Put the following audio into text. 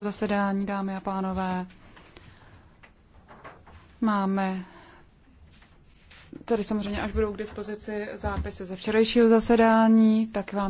zasedání, dámy a pánové. Máme tady samozřejmě, až budou k dispozici zápisy ze včerejšího zasedání, tak vám